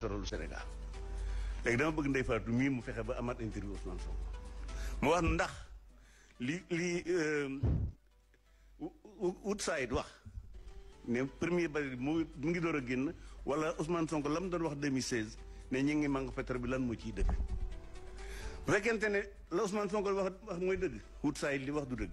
torolu Sénégal léegi dama bëgg Ndeye Fatou mii mu fexe ba amaat interview Ousmane Sonko mu wax ndax li li euh, outside wax ne premier bari mu mu ngi door a génn wala Ousmane Sonko la mu doon wax 2016 ne ñu ngi manque pétrole bi lan moo ciy dëgg bu fekkente ne la Ousmane Sonko wax wax mooy dëgg outside li wax du dëgg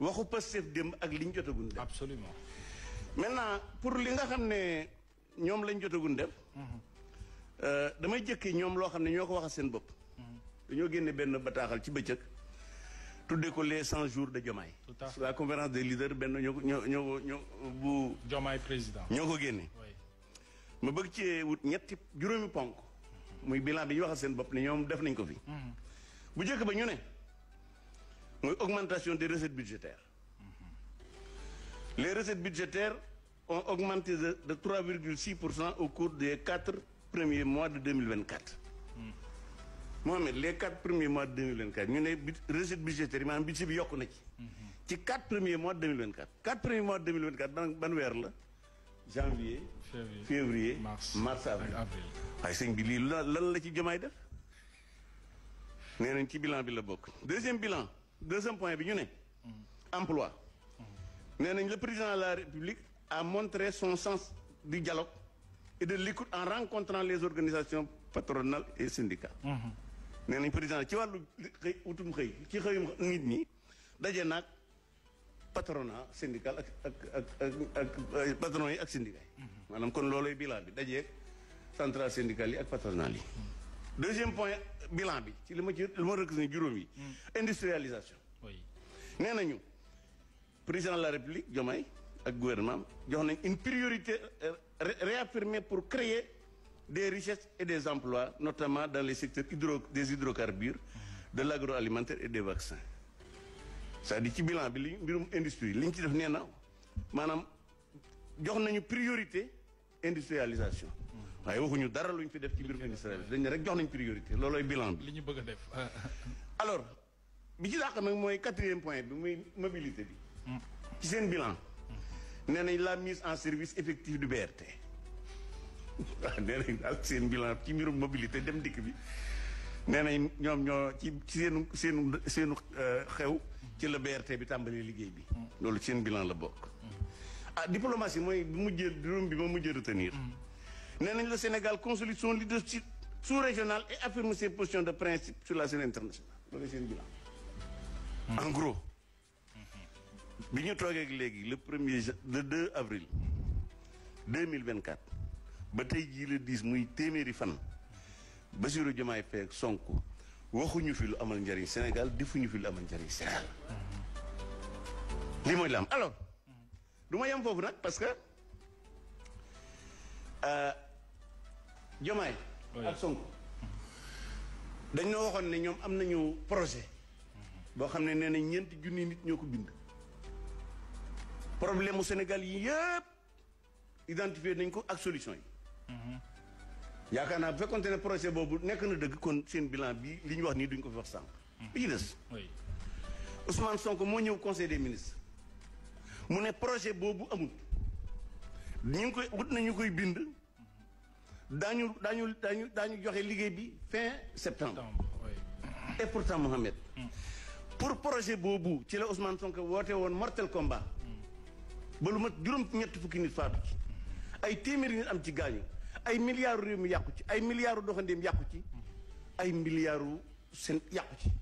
waxu Pastef démb ak li ñu jotagun def. absolument. maintenant pour li nga xam ne ñoom lañ jotagun def. Mhm. Euh, damay jëkki ñoom loo xam ne ñoo ko waxal seen bopp. Mhm. dañoo génne benn bataaxal ci bëccëg. tuddee ko les 100 jours de Diomaye. la conférence des leaders benn ñoo ko ñoo ñoo bu. Diomaye ñoo ko génne. ma bëgg ci wut ñetti juróomi ponk. Mhm. muy bilan bi ñu seen bopp ne ñoom def nañ ko fi. bu njëkk ba ñu ne. une augmentation des recettes budgétaires les recettes budgétaires ont augmenté de 3,6 au cours des 4 premiers mois de 2024. Mohamed les 4 premiers mois de 2024 ñu recettes budgétaires, recette budgétaire un budget bi de na ci. premiers mois de 2024. 4 premiers mois de 2024 ban ban janvier. février mars mars avril C'est ce bi lii lan la ci un bilan deuxième bilan deuxième point emploi. Mm-hmm. le président de la république a montré son sens du dialogue et de l'écoute en rencontrant les organisations patronales et syndicales. Le mm-hmm. président ci wàllu xëy utum xëy ci xëyum nit ñi daje naag patronat syndical ak ak ak ak ak mm-hmm. syndical patronal deuxième point bilan hmm. industrialisation. oui nous, le président de la république le gouvernement une priorité euh, réaffirmée pour créer des richesses et des emplois notamment dans les secteurs hydro des hydrocarbures hmm. de l'agroalimentaire et des vaccins. c'est-à-dire le bilan bi l'industrie, industrie une priorité industrialisation. Hmm. waaye waxuñu dara luñ fi def ci biir ministère bi dañ ne rek jox nañ priorité loolooy bilan ñu bëgg a def. alors bi ci dàq nag mooy quatrième point bi muy mobilité bi. ci seen bilan. Mm. nee nañ la mise en service effective du BRT. waaw nee seen bilan ci mbirum mobilité dem dikk bi nee nañ ñoom ñoo ci seenu seenu seenu euh, xew ci la BRT bi tàmbalee liggéey bi. Mm. loolu seen bilan la bokk. Mm. ah diplomatie mooy bu mujjee juróom bi ma mujjee retenir. Nous le Sénégal consolide son leadership sous-régional et affirme ses positions de principe sur la scène internationale en gros le premier le 2 avril 2024 le 10 muy Téméri fan Le Sonko waxuñu fi Sénégal le fi lu Sénégal alors parce que euh, Jomaay ak Sonko dañoo waxoon ne ñoom am nañu projet boo xam ne nee na ñeenti junni nit ñoo ko bind problème mu Sénégal yi yëpp identifier nañ ko ak solution yi mhm. yaakaar naa bu fekkoonte ne projet boobu nekk na dëgg kon seen bilan bi li ñu wax nii duñ ko fi wax sànq bi ci des Ousmane Sonko moo ñëw conseil des ministres mu ne projet boobu amul ñu ngi koy wut nañu koy bind dañu daañu daañu daañu joxe liggéey bi fin septembre. et pourtant Mohamed. pour projet boobu ci la Ousmane sonk woote woon mortel combat. ba lu mat juróom ñetti fukki nit faatu ci. ay téeméeri nit am ci gaañu ay milliards réew mi yàqu ci ay milliards doxandéem yàqu ci. ay milliards seen yàqu ci.